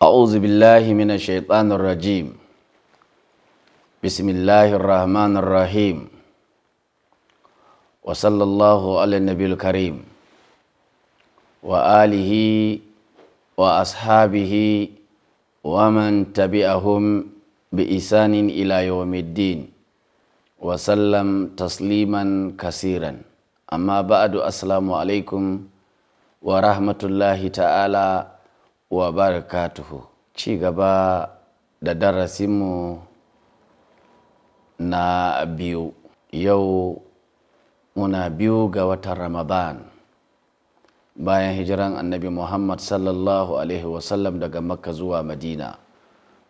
أعوذ بالله من الشيطان الرجيم بسم الله الرحمن الرحيم وصلى الله على النبي الكريم وآله وأصحابه ومن تبعهم بإحسان إلى يوم الدين وسلم تسليما كثيرا أما بعد السلام عليكم ورحمة الله تعالى wa barakatuhu ci gaba da darasinmu na biyu yau muna biyu ga watan ramadan bayan hijiran annabi muhammad sallallahu alaihi wasallam daga makka zuwa madina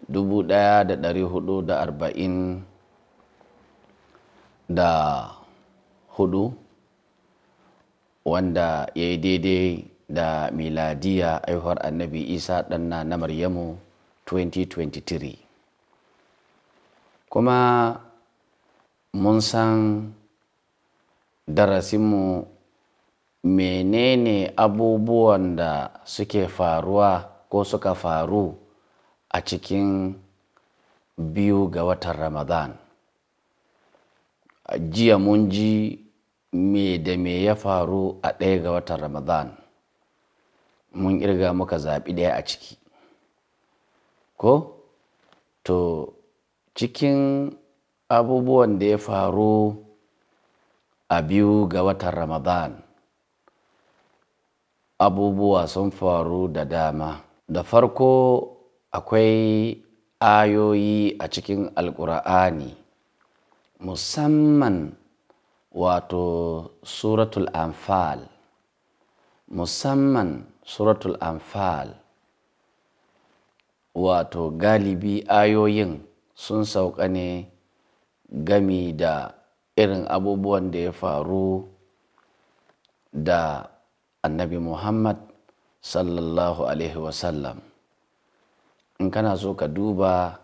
1440 da hudu wanda ya yi daidai da miladiya aihuwar annabi isa ɗanna na maryamu 2023 kuma mun san darasinmu menene abubuwan da suke faruwa ko suka faru a cikin biyu ga watan ramadan jiya mun ji me da me ya faru a ɗaya ga watan ramadan mun kirga muka zaɓi ɗaya a ciki ko to cikin abubuwan da ya faru a biyu ga watan ramadan abubuwa sun faru da dama da farko akwai ayoyi a cikin alkur'ani musamman wato suratul anfal musamman suratul anfal wato galibi ayoyin sun sauka ne gami da irin abubuwan da ya faru da annabi muhammad sallallahu alaihi wasallam in kana so ka duba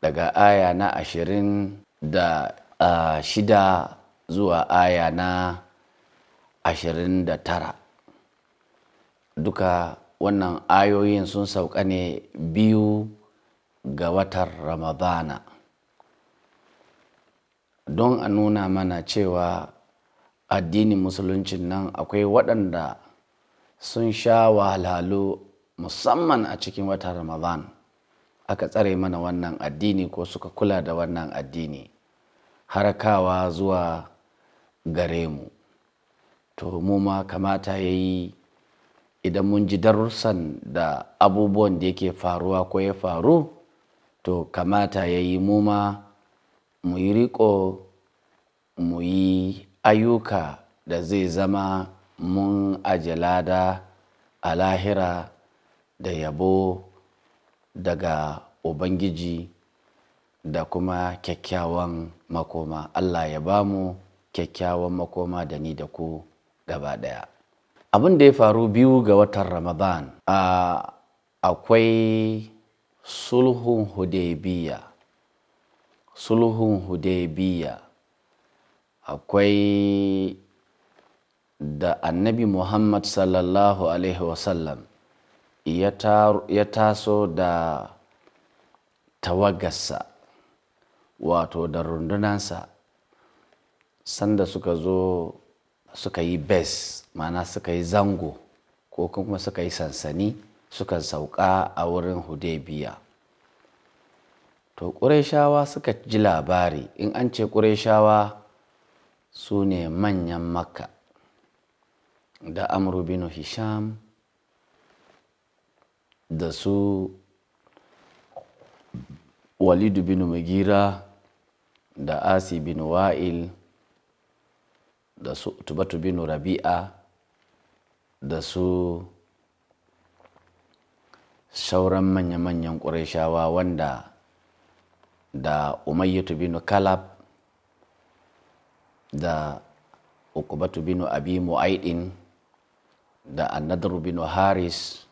daga aya na ashirin da ah, shida zuwa aya na ashirin da tara duka wannan ayoyin sun sauka ne biyu ga watan ramadana don a nuna mana cewa addinin musuluncin nan akwai waɗanda sun sha wahalhalu musamman a cikin watan ramadan aka tsare mana wannan addini ko suka kula da wannan addini harakawa zuwa gare mu to mu ma kamata ya yi idan mun ji darussan da abubuwan da yake faruwa ko ya faru to kamata ya yi muma mu yi riko mu yi ayyuka da zai zama mun ajalada a lahira da yabo daga ubangiji da kuma kyakkyawan makoma allah ya bamu kyakkyawan makoma da ni da ku gaba ɗaya abin da ya faru biyu ga watan ramadan A akwai sulhun hudaybiya sulhun hudaybiya akwai da annabi muhammad sallallahu alaihi wasallam ya taso da tawagarsa wato da rundunansa sanda suka zo suka yi base mana suka yi zango ko kuma suka yi sansani suka sauka a wurin hudebiya to ƙureshawa suka ji labari in an ce ƙureshawa su ne manyan makka da amru bin hisham da su walidu bin Magira da asi bin wa'il da su tubatu binu rabi'a da su sauran manya-manyan ƙurashawa wanda da umayyatu binu kalab da ukubatu binu abi mu'aidin da annadaru binu haris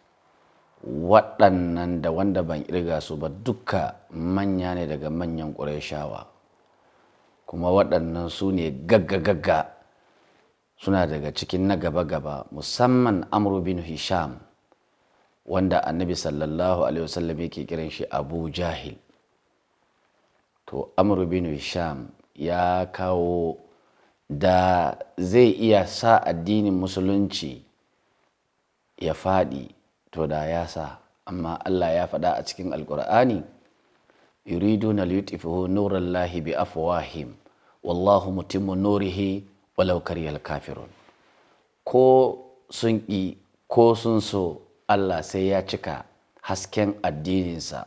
waɗannan da wanda ban ƙirga su ba duka manya ne daga manyan ƙurashawa kuma waɗannan su ne gagga-gagga suna daga cikin na gaba-gaba musamman amru bin hisham wanda annabi sallallahu alaihi wasallam yake kiran shi abu jahil to amru bin hisham ya kawo da zai iya sa addinin musulunci ya faɗi to da ya sa amma allah ya faɗa a cikin alkur'ani na liyutifu nurallahi bi afwahim wallahu mutimmu nurihi walaukar karyal kafirun ko sun ƙi ko sun so Allah sai ya cika hasken addininsa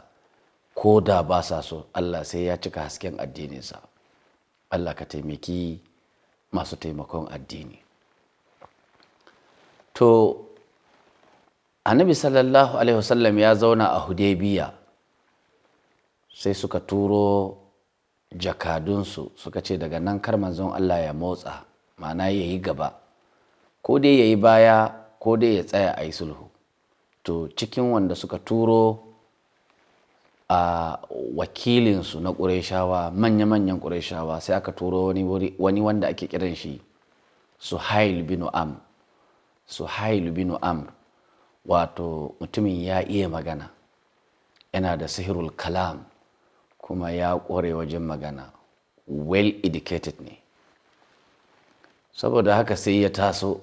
ko da ba sa so Allah sai ya cika hasken addininsa Allah ka taimaki masu taimakon addini to annabi sallallahu alaihi wasallam ya zauna a hudaybiya sai suka turo jakadunsu suka ce daga nan kar manzon Allah ya motsa ma'ana ya yi gaba ko dai ya yi baya ko dai ya tsaya a yi sulhu to cikin wanda suka turo a wakilinsu na ƙureshawa manya-manyan ƙureshawa sai aka turo wani wanda ake kiran shi suhail binu am suhail binu amr wato mutumin ya iya magana yana da sihirul kalam kuma ya ƙware wajen magana well educated ne saboda haka sai ya taso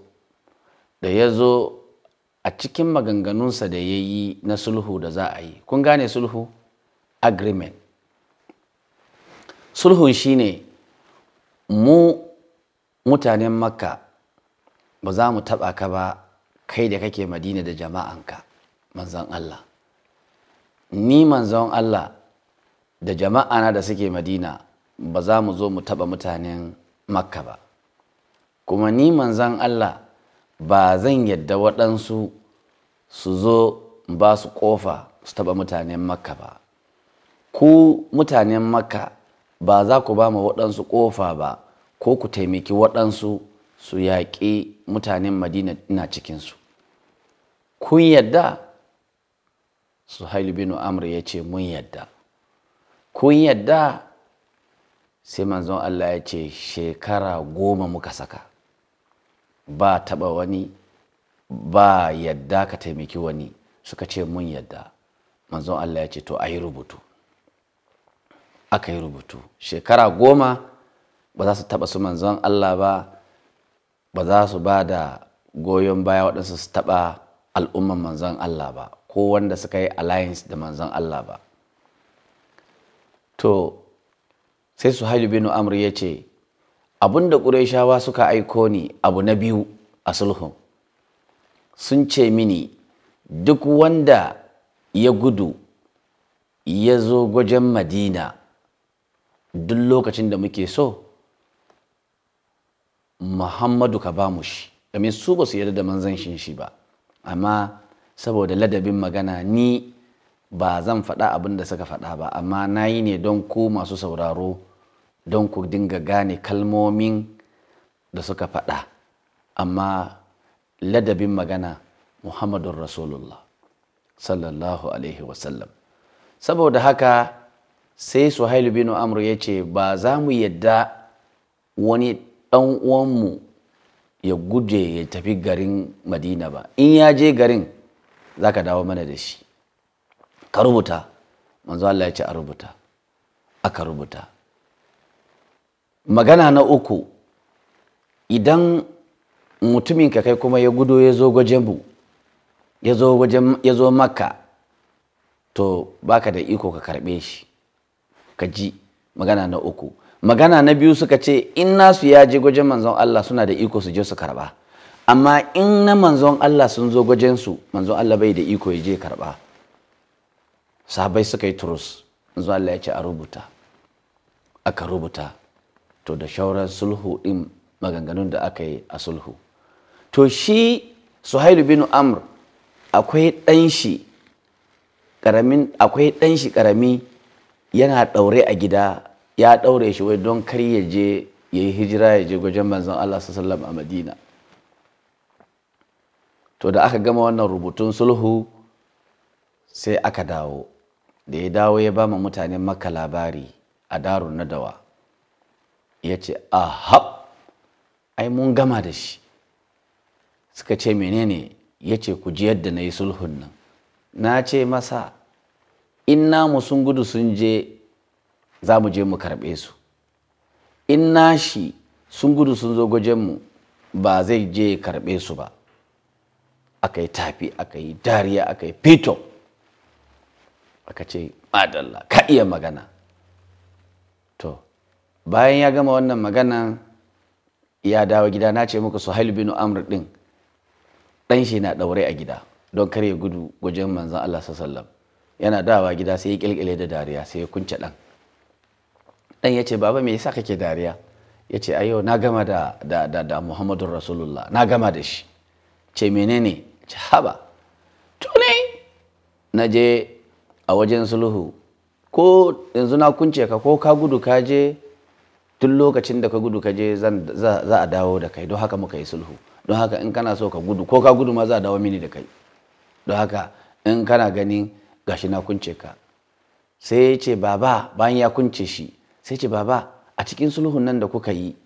da ya zo a cikin maganganunsa da ya yi na sulhu da za a yi kun gane sulhu agreement sulhun shine mu mutanen makka ba za mu taɓa ka ba kai da kake madina da jama'anka manzon allah ni manzon allah da jama'ana da suke madina ba za mu zo mu taɓa mutanen makka ba kuma ni manzan Allah ba zan yadda waɗansu su zo ba su ƙofa su taɓa mutanen makka ba ku mutanen makka ba za ku ba ma waɗansu ƙofa ba ko ku taimaki waɗansu su yaƙi mutanen madina ina cikinsu kun yadda suhail bin amr ya ce mun yadda kun yadda sai manzon allah ya ce shekara goma muka saka ba taɓa wani ba yadda ka taimaki wani suka ce mun yadda manzon Allah ya ce to a yi rubutu aka yi rubutu shekara goma ba za su taɓa su manzon Allah ba ba za su ba da goyon baya waɗansu su taɓa al'umman manzon Allah ba ko wanda suka yi alliance da manzon Allah ba to sai su hajji binu amur ya ce abin da ƙureshawa suka aiko ni abu na biyu a sulhun sun ce mini duk wanda ya gudu ya zo gwajen madina duk lokacin da muke so muhammadu ka ba mu shi domin su ba su yarda da manzan shi ba amma saboda ladabin magana ni ba zan faɗa abin da suka faɗa ba amma na yi ne don ku masu sauraro don ku dinga gane kalmomin da suka faɗa amma ladabin magana muhammadun rasulullah sallallahu alaihi wasallam saboda haka sai suhailu bin amru ya ce ba za mu yadda wani ɗan uwanmu ya guje ya tafi garin madina ba in ya je garin za ka dawo mana da shi ka rubuta manzo Allah ya ce a rubuta aka rubuta magana na uku idan mutumin ka kai kuma ya gudo ya zo gwajen Bu, ya zo maka to baka da iko ka karbe shi ka ji magana na uku magana na biyu suka ce in nasu ya je gwajen manzon Allah suna da iko su je su karba amma in na manzon Allah sun zo gwajen su manzon Allah bai da iko ya je karba sahabai suka yi turus manzon Allah ya ce a rubuta aka rubuta to da shauran sulhu ɗin maganganun da aka yi a sulhu to shi suhailu binu amr akwai ɗan shi ƙarami yana ɗaure a gida ya ɗaure shi wai don kar ya je ya yi hijira ya je gwajen manzon Allah sallam a Madina to da aka gama wannan rubutun sulhu sai aka dawo da ya dawo ya ba mutane maka labari a darun dawa. ya ce ahab ai mun gama da shi suka ce menene ya ce ku ji yadda na yi sulhun nan na ce masa in namu sun gudu sun je za mu je mu karɓe su in nashi sun gudu sun zo mu ba zai je karɓe su ba aka yi tafi aka yi dariya aka yi fito aka ce madalla ka iya magana to bayan ya gama wannan magana ya dawo gida na ce muku suhail bin amr din dan shi na daure a gida don kare gudu wajen manzon Allah sallallahu yana dawa gida sai ya kilkile da dariya sai ya kunce dan dan yace baba me yasa kake dariya yace ayo na gama da da da, da Muhammadur Rasulullah na gama da shi ce menene ce haba to na je a wajen sulhu ko yanzu na kunce ka ko ka gudu ka je tun lokacin da ka gudu ka je za a dawo da kai don haka muka yi sulhu don haka in kana so ka gudu ko ka gudu ma za a dawo mini da kai don haka in kana ganin gashi na kunce ka sai ya ce baba bayan ya kunce shi sai ce baba a cikin sulhun nan da kuka yi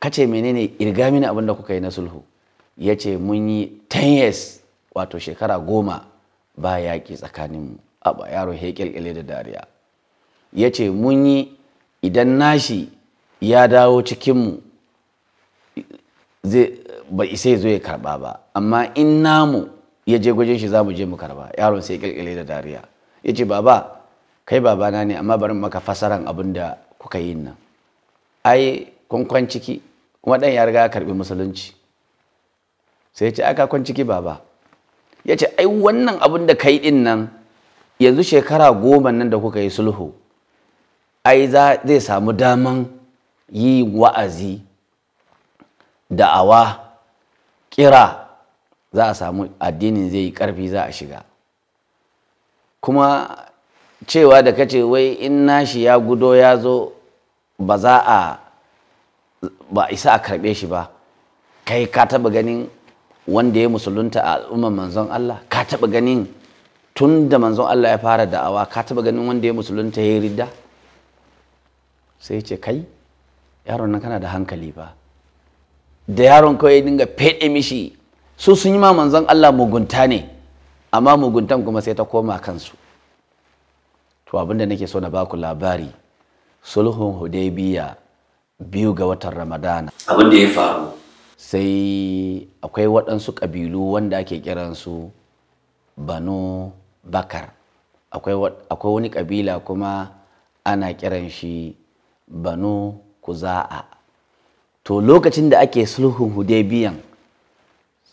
ka ce menene irga mini abin da kuka yi na sulhu ya ce mun yi 10 years wato shekara goma ba yaƙi tsakaninmu a yaro ile da dariya ya ce mun yi idan nashi ya dawo cikinmu ba isa ya zo ya karba ba amma in namu ya je gwajin shi za mu je mu karba yaron sai kilkile da dariya ya ce baba kai babana ne amma bari maka fasaran abin da kuka yi nan ai kwan ciki waɗan ya riga karɓi musulunci sai ce aka kwan ciki baba ya ce ai wannan abin da kai din nan yanzu shekara goma nan da kuka yi sulhu ai zai samu daman yi wa'azi da'awa kira za a samu addinin zai yi ƙarfi za a shiga kuma cewa da kace wai in nashi ya gudo ya zo ba za a ba isa a karɓe shi ba kai ka taɓa ganin wanda ya musulunta a al'ummar manzon Allah ka taɓa ganin tun da manzon Allah ya fara da'awa ka taɓa ganin wanda ya musulunta ya yi ridda sai ce kai yaron nan kana da hankali ba da yaron kawai dinga feɗe mishi su sun yi ma manzon Allah mugunta ne amma muguntan kuma sai ta koma kansu to abinda nake so na baku labari sulhun hudaybiya biyu ga watan ramadana abin da ya faru sai akwai waɗansu ƙabilu wanda ake kiransu banu bakar akwai wani ƙabila kuma ana kiran shi banu kuza'a to lokacin da ake sulhun hudaybiyan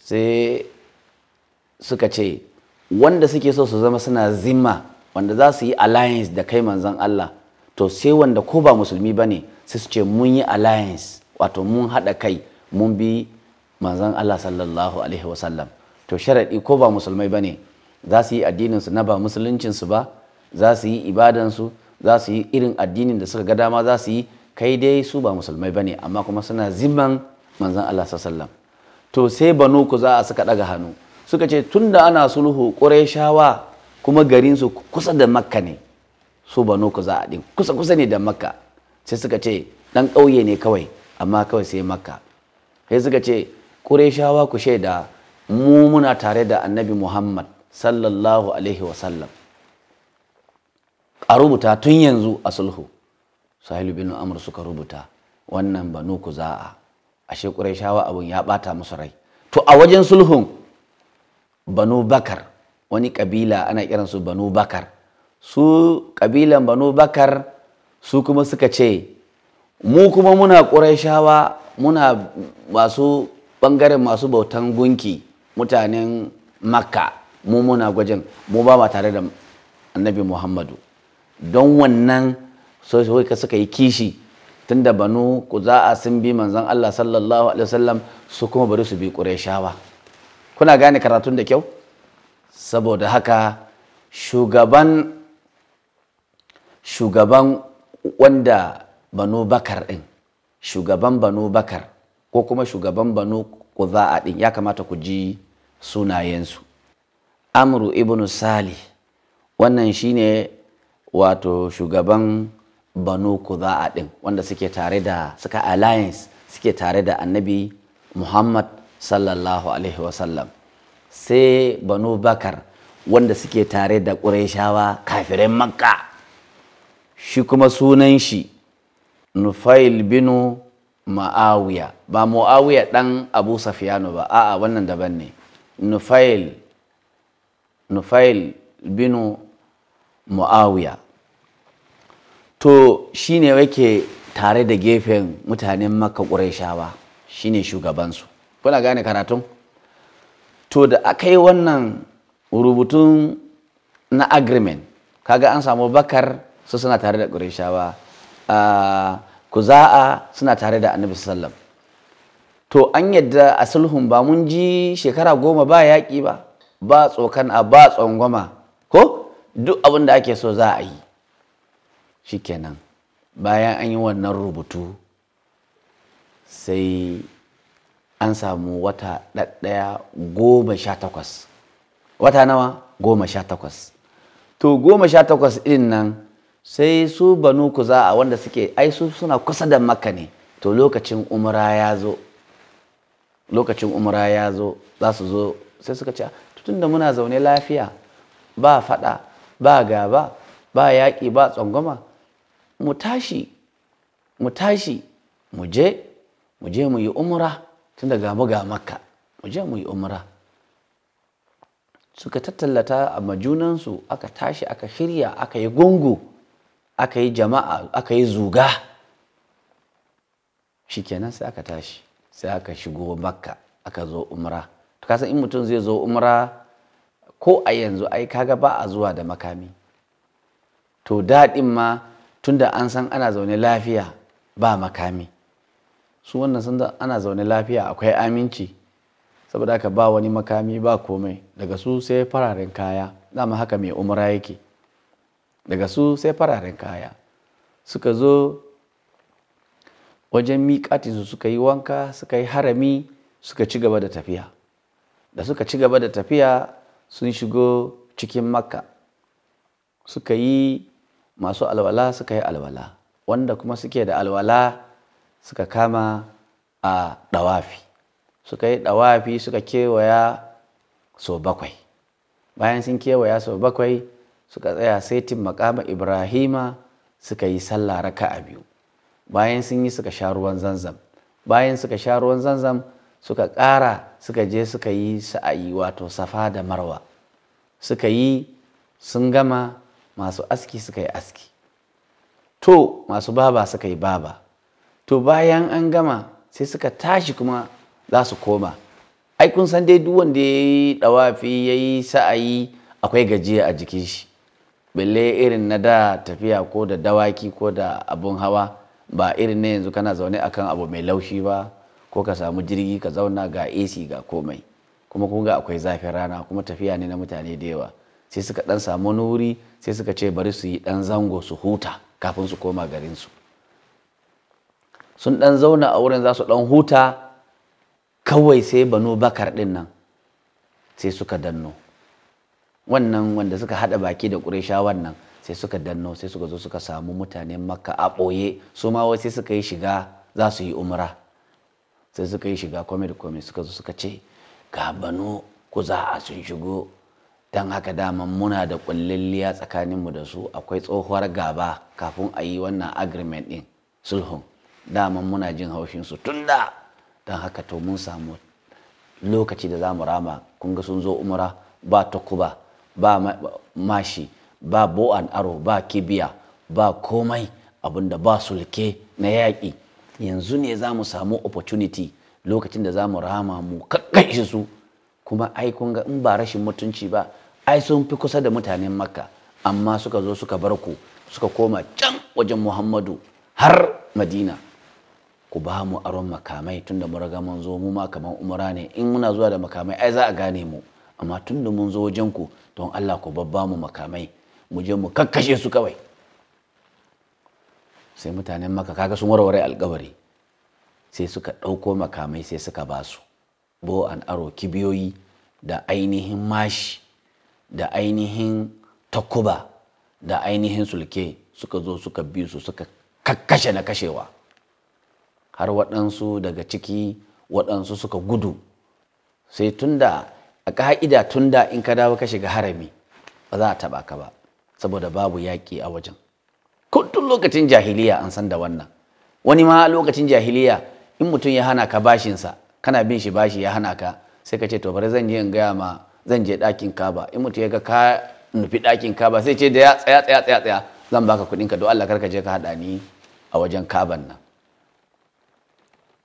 sai suka ce wanda suke so su zama suna zima wanda za su yi alliance da kai manzon Allah to sai wanda ko ba musulmi bane sai su ce mun yi alliance wato mun haɗa kai mun bi manzon Allah sallallahu alaihi wasallam to sharaɗi ko ba musulmai bane za su yi addininsu na ba musuluncinsu ba za su yi ibadansu za su yi irin addinin da suka ga dama za su yi kai dai su ba musulmai bane amma kuma suna zimman manzon Allah sallallahu to sai banu ku za a suka daga hannu suka ce tunda ana sulhu qurayshawa kuma garin su kusa da makka ne su banu ku za a din kusa kusa ne da makka sai suka ce dan ƙauye ne kawai amma kawai sai makka sai suka ce qurayshawa ku shaida mu muna tare da annabi muhammad sallallahu alaihi wasallam a rubuta tun yanzu a sulhu sahilu bin amur suka rubuta wannan banu ku za'a. ashe shawa abun ya ɓata musu rai to a wajen sulhun banu bakar wani ƙabila ana kiransu banu bakar su kabilan banu bakar su kuma suka ce mu kuma muna shawa, muna masu ɓangaren masu bautan gunki mutanen makka mu muna gwajin mu ba ba tare da annabi muhammadu don wannan so ka suka yi kishi tunda banu kuza'a sun bi manzon Allah sallallahu alaihi wasallam su kuma bari su bi qurayshawa kuna gane karatun da kyau saboda haka shugaban shugaban wanda banu bakar din shugaban banu bakar ko kuma shugaban banu kuza'a din ya kamata ku ji sunayensu amru ibnu salih wannan shine wato shugaban banu kuza'a ɗin wanda suke tare da suka alliance suke tare da annabi muhammad sallallahu alaihi wasallam sai banu bakar wanda suke tare da ƙurashawa kafirin makka shi kuma sunan shi nufail binu ma'awiya ba mu'awiya ɗan abu safiyanu ba a'a wannan daban ne nufail binu mu'awiya to shine yake tare da gefen mutanen makka shi shine shugabansu kuna gane karatun to da aka yi wannan rubutun na agreement kaga an samu bakar su suna tare da ƙurayshawa kuza'a suna tare da annabi sallam to an yadda a sulhun ba mun ji shekara goma ba yaƙi ba ba tsokan a ba tsangwama ko duk abin da ake so za a yi shikenan bayan an yi wannan rubutu sai an samu wata ɗaɗɗaya goma sha takwas wata nawa goma sha takwas to goma sha takwas irin nan sai su banu za a wanda suke ai su suna kusa da maka ne to lokacin umra ya zo lokacin umra ya zo za su zo sai suka ce ah, tun da muna zaune lafiya ba faɗa ba gaba ba yaƙi ba tsangwama mu tashi mu tashi mu je mu je mu yi umra tun da gamu ga makka mu je mu yi umra suka tattallata a majunansu aka tashi aka shirya aka yi gungu aka yi jama'a aka yi zuga shikenan sai aka tashi sai aka shigo makka aka zo umra to kasan in mutum zai zo umra ko a yanzu ai kaga ba a zuwa da makami to daɗin ma tunda an san ana zaune lafiya ba makami su wannan sun ana zaune lafiya akwai aminci saboda haka ba wani makami ba komai daga su sai fararen kaya dama haka mai umra yake daga su sai fararen kaya suka zo wajen miƙatinsu suka yi wanka suka yi harami suka ci gaba da tafiya da suka ci gaba da tafiya sun shigo cikin makka suka yi masu alwala suka yi alwala wanda kuma suke da alwala suka kama a ɗawafi suka yi ɗawafi suka kewaya sau bakwai bayan sun kewaya sau bakwai suka tsaya saitin makama ibrahima suka yi sallah raka a biyu bayan sun yi suka sha ruwan zanzam bayan suka sha ruwan zanzam suka ƙara suka je suka yi sa'ayi wato safa da marwa suka yi sun gama masu aski suka yi aski to masu baba suka yi baba to bayan an gama sai suka tashi kuma za su koma ai kun san dai duk wanda ya yi dawafi ya yi sa'ayi akwai gajiya a jikin shi balle irin na da tafiya ko da dawaki ko da abun hawa ba irin na yanzu kana zaune akan abu mai laushi ba ko ka samu jirgi ka zauna ga AC ga komai kuma kun akwai zafin rana kuma tafiya ne na mutane da yawa sai suka dan samu nuri. wuri sai suka ce bari su yi ɗan zango su huta kafin su koma garinsu sun ɗan zauna a wurin za su ɗan huta kawai sai banu bakar ɗin nan sai suka danno wannan wanda suka haɗa baki da ƙureshawan nan sai suka danno sai suka zo suka samu mutanen makka a ɓoye su ma wai sai suka yi shiga za su yi umra sai suka yi shiga kome da kome suka zo suka ce ga banu kuza a sun shigo don haka dama muna da kullilliya tsakaninmu da su akwai tsohuwar gaba kafin a yi wannan agreement din sulhun dama muna jin haushin su tun da don haka to mun samu lokaci da za mu rama kun ga sun zo umra ba takuba ba mashi ba bo'an aro ba kibiya ba komai abinda ba sulke na yaƙi yanzu ne za mu samu opportunity lokacin da za mu rama mu kakkashi su kuma ai kun ga in ba rashin mutunci ba ai sun fi kusa da mutanen makka amma suka zo suka bar ku suka koma can wajen muhammadu har madina ku ba mu aron makamai tunda mun riga mun zo mu ma kamar umara ne in muna zuwa da makamai ai za a gane mu amma tunda mun zo wajen ku don Allah ku babba mu makamai mu je mu kakkashe su kawai sai mutanen maka kaga sun warware alkawari sai suka ɗauko makamai sai suka basu su bo an aro kibiyoyi da ainihin mashi da ainihin takuba da ainihin sulke suka zo suka bi su suka kakkashe na kashewa har waɗansu daga ciki waɗansu suka gudu sai tunda a ka'ida tunda in ka dawo ka shiga harami ba za a taɓa ka ba saboda babu yaƙi a wajen kuntun lokacin jahiliya an san da wannan wani ma lokacin jahiliya in mutum ya hana ka bashinsa kana bin shi bashi ya hana ka sai ka ce to bari zan je in gaya ma zan je ɗakin kaba in mutum ya ga ka nufi ɗakin kaba sai ce da ya tsaya tsaya tsaya tsaya zan baka kuɗin ka don Allah karka je ka haɗa ni a wajen kaban nan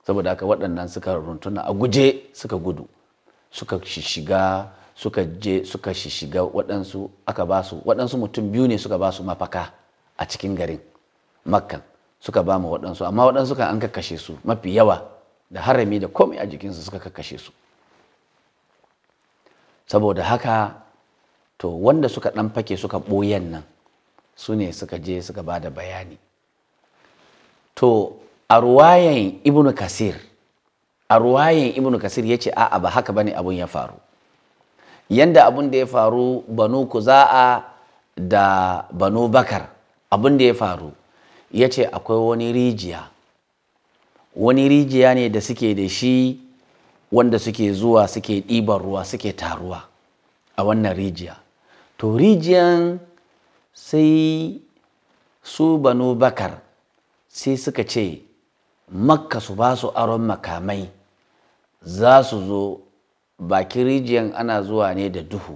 saboda haka waɗannan suka runtuna a guje suka gudu suka shiga suka je suka shishiga waɗansu aka ba su waɗansu mutum biyu ne suka ba su mafaka a cikin garin makkan suka ba mu waɗansu amma waɗansu kan an kakkashe su mafi yawa da harami da komai a jikinsu suka kakashe su saboda haka to wanda suka ɗan fake suka ɓoyen nan su ne suka je suka ba da bayani to a ruwayan ibnu kasir a ruwayan ibnu kasir ya ce a'a ba haka bane abun ya faru yanda abun da ya faru banu kuza'a da banu bakar abun da ya faru ya ce akwai wani rijiya wani rijiya ne da suke da shi wanda suke zuwa suke ɗiban ruwa suke taruwa a wannan rijiya to rijiyan sai su banu bakar sai suka ce makka su ba su aron makamai za su zo bakin rijiyan ana zuwa ne da duhu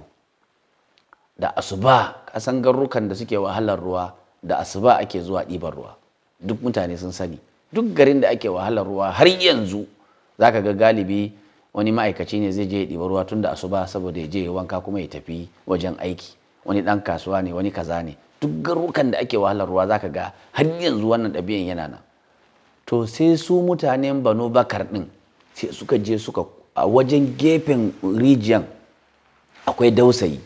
da asuba kasan garrukan da suke wahalar ruwa da asuba ake zuwa ɗiban ruwa duk mutane sun sani duk garin da ake wahalar ruwa har yanzu za ka ga galibi wani ma'aikaci ne zai je ya ɗiba ruwa tun da asuba saboda ya je ya wanka kuma ya tafi wajen aiki wani ɗan kasuwa ne wani kaza ne duk garukan da ake wahalar ruwa zaka ga har yanzu wannan ɗabi'an yana nan to sai su mutanen banu bakar ɗin sai suka je suka a wajen gefen rijiyan akwai dausayi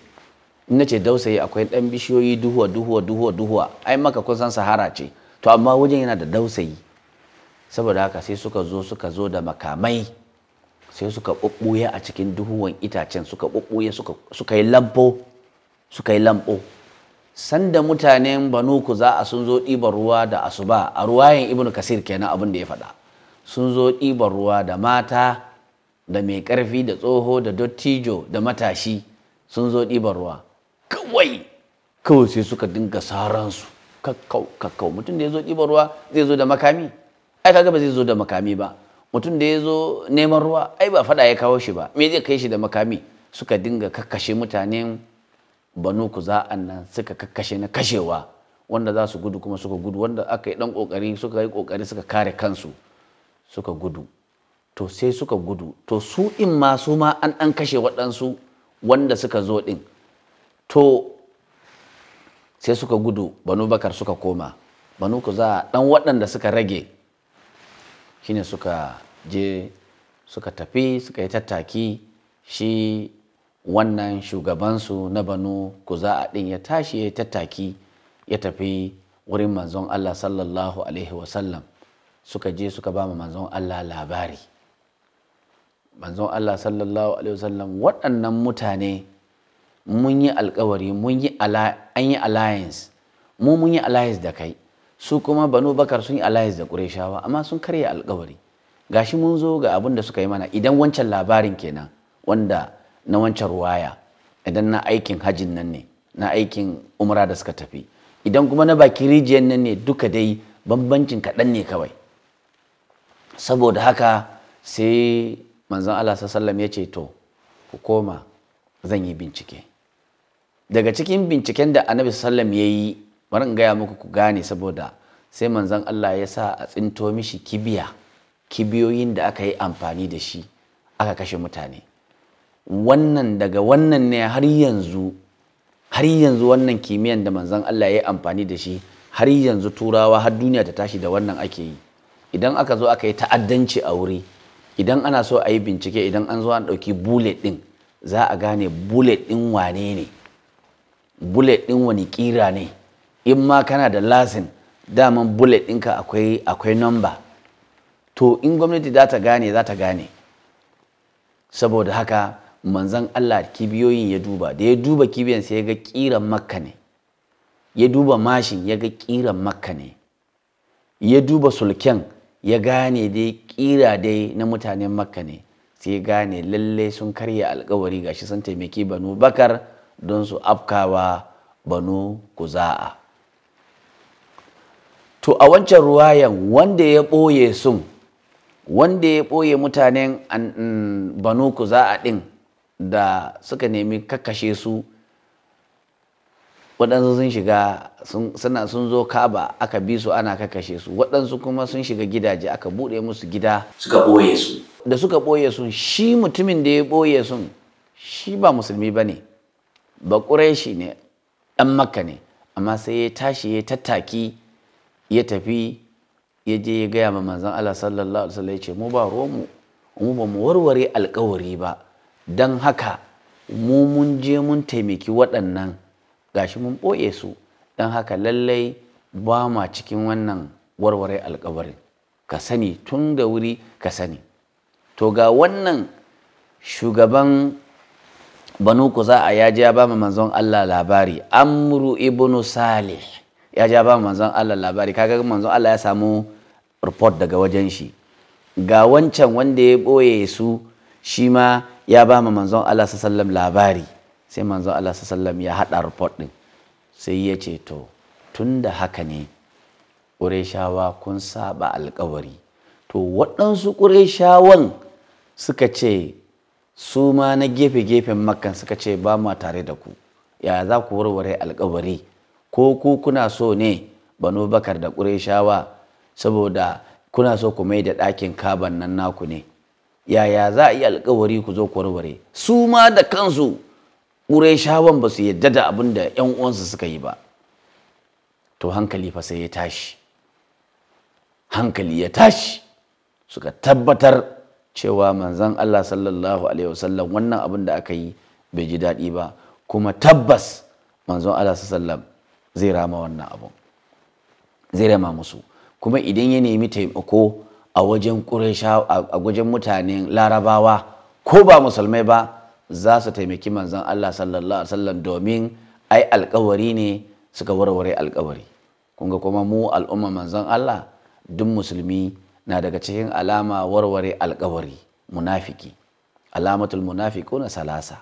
in ce dausayi akwai ɗan bishiyoyi duhuwa duhuwa duhuwa duhuwa ai maka kusan sahara ce to amma wajen yana da dausayi saboda haka sai suka zo suka zo da makamai sai suka ɓuɓɓuya a cikin duhuwan itacen suka ɓuɓɓuya suka yi lambo suka yi lambo sanda mutanen banuku za a sun zo ɗiban ruwa da asuba a ruwayen ibnu kasir kenan abin da ya faɗa sun zo ɗiban ruwa da mata da mai ƙarfi da tsoho da dottijo da matashi sun zo ɗiban ruwa kawai kawai sai suka dinga saransu kakkau kakkau mutum da ya zo ɗiban ruwa zai zo da makami ai kaga ba zai zo da makami ba mutum da ya zo neman ruwa ai ba faɗa ya kawo shi ba me zai kai shi da makami suka dinga kakkashe mutanen banu kuza'an nan suka kakkashe na kashewa wanda za su gudu kuma suka gudu wanda aka yi dan kokari suka yi kokari suka kare kansu suka gudu to sai suka gudu to su in ma su ma an dan kashe waɗansu wanda suka zo din to sai suka gudu banu bakar suka koma banu za dan waɗanda suka rage shine suka je suka tafi suka yi tattaki shi wannan shugabansu na banu kuza'a ɗin ya tashi ya tattaki ya tafi wurin manzon Allah sallallahu alaihi wasallam suka je suka ba manzon Allah labari manzon Allah sallallahu alaihi wasallam waɗannan mutane mun yi alkawari mun yi yi alliance mu mun yi alliance da kai su kuma banu bakar sun yi alliance da ƙureshawa amma sun karya alkawari gashi mun zo ga abin da suka yi mana idan wancan labarin kenan wanda na wancan ruwaya idan na aikin hajin nan ne na aikin umra da suka tafi idan kuma na baki rijiyar nan ne duka dai bambancin kaɗan ne kawai saboda haka sai manzon Allah sallam ya ce to ku koma zan yi bincike daga cikin binciken da annabi sallam ya yi bari in gaya muku ku gane saboda sai manzon Allah ya sa a tsinto mishi kibiya kibiyoyin da aka yi amfani da shi aka kashe mutane wannan daga wannan ne har yanzu har yanzu wannan kimiyyan da manzon Allah ya yi amfani da shi har yanzu turawa har duniya ta tashi da wannan ake yi idan aka zo aka yi ta'addanci a wuri idan ana so a yi bincike idan an zo an ɗauki bullet ɗin za a gane bullet ɗin wane ne bullet ɗin wani ƙira ne in ma kana da lasin daman bullet ɗinka akwai akwai number to in gwamnati za ta gane za ta gane saboda haka manzan Allah kibiyoyin ya duba da ya duba kibiyan sai ya ga kiran makka ne ya duba mashin ya ga kiran makka ne ya duba sulken ya gane dai kira dai na mutanen makka ne sai ya gane lalle sun karya alkawari shi, sun taimaki banu bakar don su afkawa banu kuza'a to a wancan ruwayan wanda ya ɓoye sun wanda ya ɓoye mutanen mm, banu a ɗin da suka nemi kakkashe su waɗansu sun shiga suna sun zo kaba aka bi su ana kakkashe su waɗansu kuma sun shiga gidaje aka buɗe musu gida suka ɓoye su da suka ɓoye sun shi mutumin da ya ɓoye sun shi ba musulmi ba ne ba ne ɗan makka ne amma sai ya tashi ya tattaki ya tafi ya je ya gaya ma manzan Allah sallallahu alaihi wasallam ya ce mu ba romu mu ba mu warware alkawari ba don haka mu mun je mun taimaki waɗannan gashi mun ɓoye su don haka lallai ba ma cikin wannan warware alkawarin ka sani tun da wuri ka sani to ga wannan shugaban banu za a yaji ya ba manzon Allah labari amru ibnu salih ya ja ba manzon Allah labari kaga manzon Allah ya samu report daga wajen shi ga wancan wanda ya boye su shi ma ya ba ma manzon Allah sallam labari sai manzon Allah sallam ya hada report din sai ya ce to tunda haka ne ƙureshawa kun saba alkawari to waɗansu ƙureshawan suka ce su ma na gefe-gefen makkan suka ce ba ma tare da ku ya za ku warware alkawari ko ku kuna so ne banu bakar da ƙureshawa saboda kuna so ku mai da ɗakin kaban nan naku ne yaya za a yi alkawari ku zo ku warware su ma da kansu ƙureshawan ba su yadda da abin da ‘yan uwansu suka yi ba to hankali fa sai ya tashi hankali ya tashi suka tabbatar cewa manzan Allah sallallahu alaihi wasallam wannan abin da aka yi bai ji daɗi ba kuma tabbas manzon Allah sallallahu zai rama wannan abu zai rama musu kuma idan ya nemi taimako a wajen mutane a wajen mutanen larabawa ko ba musulmai ba za su taimaki manzon Allah sallallahu alaihi wasallam domin ai alkawari ne suka warware alkawari kunga kuma mu al'umma manzon Allah duk musulmi na daga cikin alama warware alkawari munafiki alamatul munafiquna salasa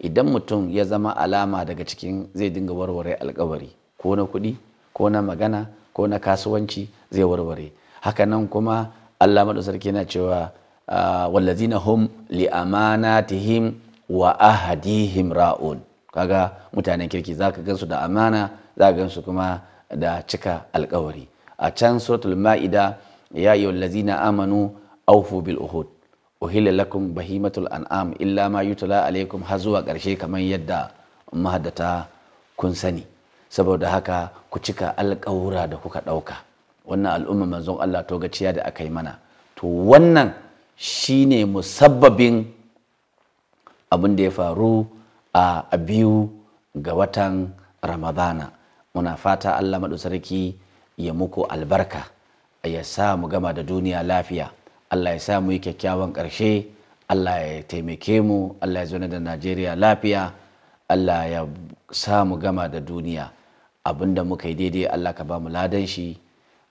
idan mutum ya zama alama daga cikin zai dinga warware alkawari ko na kuɗi ko na magana ko na kasuwanci zai warware haka nan kuma allah maɗa sarki yana cewa ah, wallazina hum li amanatihim wa ahadihim ra'un kaga mutanen kirki za ka gansu da amana za ka gansu kuma da cika alkawari a can suratul ma'ida ya yi na amanu aufu bil uhud uhilla lakum bahimatul an'am illa ma yutula alaikum har zuwa ƙarshe kamar yadda mahaddata kun sani saboda haka ku cika alƙawura da kuka ɗauka wannan al'umma manzon Allah to gaciya da aka yi mana to wannan shine musabbabin abin da ya faru a biyu ga watan ramadana muna fata Allah maɗu sarki ya muku albarka ya sa mu gama da duniya lafiya Allah ya sa mu yi kyakkyawan ƙarshe Allah ya taimake mu Allah ya zo da Najeriya lafiya Allah ya sa mu gama da duniya da muka yi daidai Allah ka ba mu ladan shi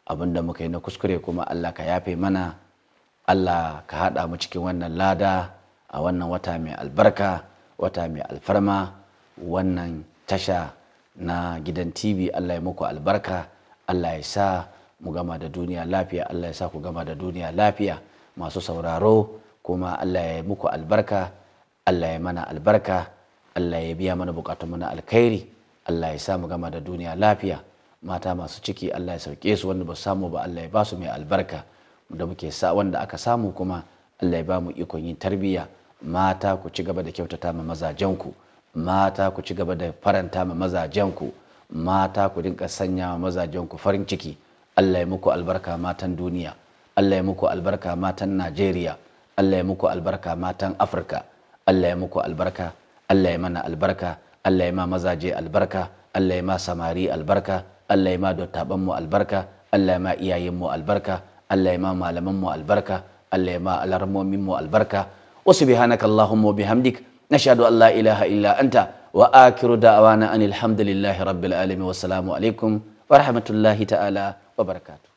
da muka yi na kuskure kuma Allah ka yafe mana Allah ka haɗa mu cikin wannan lada a wannan wata mai albarka wata mai alfarma wannan tasha na gidan tv Allah ya muku albarka Allah ya sa mu gama da duniya lafiya Allah ya sa ku gama da duniya lafiya masu sauraro kuma Allah ya muku albarka Allah ya mana albarka Allah ya biya mana bukatunmu na alkhairi Allah ya sa mu gama da duniya lafiya mata masu ciki Allah ya sauke su wanda ba samu ba Allah ya ba su mai albarka da muke sa wanda aka samu kuma Allah ya ba mu ikon yin tarbiyya mata ku ci gaba da kyautata ma mazajenku mata ku ci gaba da faranta ma mazajenku mata ku dinka sanya ma mazajenku farin ciki Allah ya muku albarka matan duniya Allah ya muku albarka matan Najeriya Allah ya muku albarka matan Afirka Allah ya muku albarka Allah ya mana albarka Allah ya ma mazaje albarka Allah ya ma samari albarka Allah ya ma dottaban mu albarka Allah ya ma iyayen mu albarka Allah ya ma malaman mu albarka Allah ya ma alarmomin mu albarka wa subhanaka allahumma bihamdik nashhadu an la ilaha illa anta wa akiru da'wana anil hamdulillahi rabbil alamin wa assalamu alaikum wa rahmatullahi ta'ala wa barakatuh